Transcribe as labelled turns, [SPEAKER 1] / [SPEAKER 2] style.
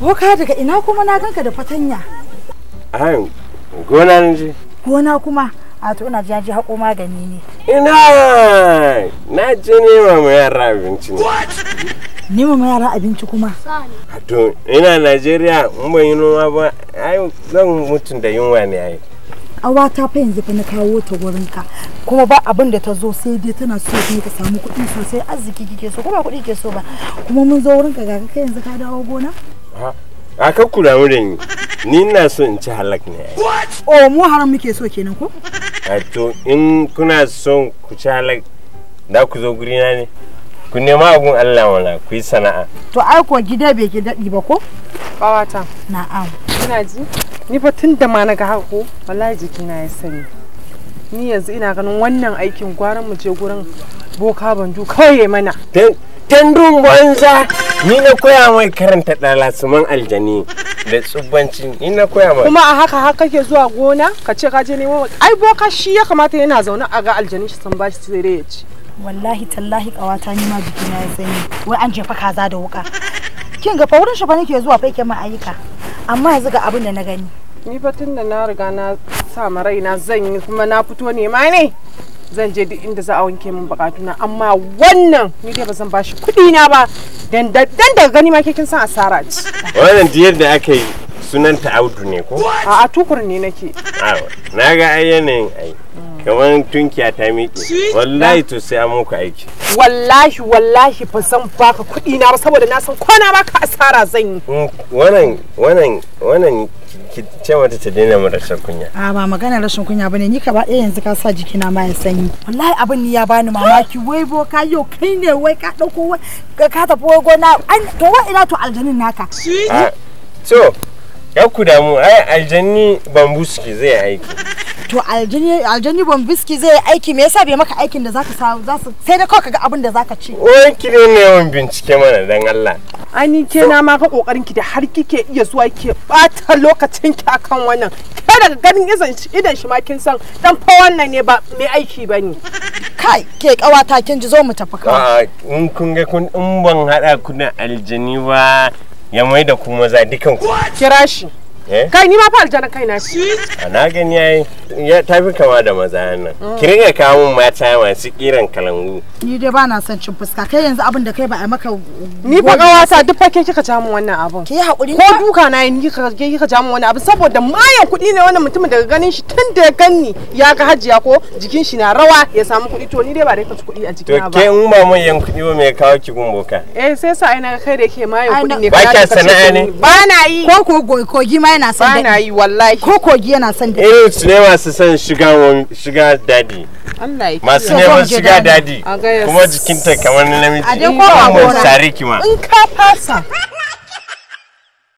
[SPEAKER 1] Boka ah. daga ina kuma na ganka da fatanya.
[SPEAKER 2] Ayo, gona ne je.
[SPEAKER 1] Gona kuma? A to ina jaji haƙo magani ne.
[SPEAKER 2] Ina! Na je ne ma yara abinci ne.
[SPEAKER 1] Nema ma yara abinci kuma?
[SPEAKER 2] a To, ina Najeriya mun ban yi noma ba, ai zan mutun da yunwa ne ai.
[SPEAKER 1] awata fa yanzu fa na kawo ta gurin ka kuma ba abin da ta zo sai dai tana so ne ta samu kuɗi sosai arziki kike so kuma kuɗi ke so ba kuma mun zo wurin ka ga kai yanzu ka dawo gona
[SPEAKER 2] a ka kula wurin ni ina so in ci halak ne
[SPEAKER 1] oh mu haram muke so kenan ko
[SPEAKER 2] a to in kuna son ku ci halak da ku zo gurina ne ku nema abun Allah wala ku yi sana'a
[SPEAKER 3] to ai ko gida bai ki daɗi ba ko kawata na'am kina ji ni fa tun da ma na ga hako wallahi jikina ya sani ni yanzu ina ganin wannan aikin gwaran mu je gurin boka banju kawai ya mana
[SPEAKER 2] tandun banza ni na koya mai karanta dalasuman aljani da tsubbanci ni na koya mai kuma a
[SPEAKER 3] haka haka ke zuwa gona ka ce ka je neman ai boka shi ya kamata yana zaune a ga aljani shi san bashi sai ya ci
[SPEAKER 1] wallahi tallahi kawata ni ma jikina ya sani wai an jefa kaza da wuka kin ga fa wurin shi fa nake zuwa fa yake ma ayyuka amma yanzu ga abin da na gani
[SPEAKER 3] ni fa tun da na riga na sa ma raina zan yi kuma na fito ne ma ne zan je duk inda za a wanke min bukatuna amma wannan ni dai ba zan bashi kuɗi na ba dan daga gani ma ke kin san asara ce
[SPEAKER 2] wannan diyar da aka yi sunanta audu ne ko
[SPEAKER 3] a tukur ne nake
[SPEAKER 2] na ga ai yin ai kamar tunkiya ta miƙe wallahi to sai an muku aiki
[SPEAKER 3] wallahi wallahi ba zan baka kuɗi na ba saboda na san kwana baka asara zan yi mm,
[SPEAKER 2] wannan wannan wannan ki ce mata ta daina mu rashin kunya
[SPEAKER 3] a ba
[SPEAKER 1] magana rashin kunya bane ni ka
[SPEAKER 3] ba ɗaya yanzu ka sa jikina
[SPEAKER 1] ma ya sanyi wallahi abin ni ya bani mamaki wai bo ka yau kai ne wai ka ɗauko wai ka tafi wai gona an to wa ina to aljanin naka
[SPEAKER 2] so ya ku damu ai aljanni bambu suke zai aiki
[SPEAKER 1] to aljani bombiski zai aiki me yasa bai maka aikin da zaka sa za su sai da kawai kaga abin da zaka ci wai
[SPEAKER 2] ki ne yawan bincike mana dan Allah
[SPEAKER 3] ani ke na ma fa kokarin ki da har kike iya zuwa ke bata lokacin ki akan wannan kai daga ganin izan idan shi ma kin san dan fa wannan ne ba mai aiki bane kai ke kawata kin ji zo mu tafi
[SPEAKER 2] ka in kun ga kun in ban hada ku na aljani ba ya mai da kuma maza dukan ku kira shi eh? kai
[SPEAKER 3] ni ma fa aljana kai na shi
[SPEAKER 2] na gani yayi ya tafi kama da maza nan mm. ki ringa kawo mata masu kiran kalangu
[SPEAKER 1] ni dai ba na son cin fuska kai yanzu abin da kai ba a maka
[SPEAKER 3] ni fa kawata duk fa ke kika jamu wannan abin ki hakuri ko duka na ni kika ke kika jamu wannan abin saboda mayan kudi ne wannan mutumin daga ganin shi tun da ganni ya ga hajiya ko jikin shi na rawa ya samu kudi to ni dai ba dai ka ci kudi a jikina ba to ke
[SPEAKER 2] in ba yan kudi ba me kawo ki gumboka
[SPEAKER 3] eh sai sa ina kai da ke mayan kudi ne ba ka sana'a ne ba na yi ko ko kogi ma yana son da ba na yi wallahi ko
[SPEAKER 2] kogi yana son da eh sinema masu son shiga shiga dadi
[SPEAKER 3] masu neman shiga daddy kuma jikinta kamar namiji kuma sariki ma in ka fasa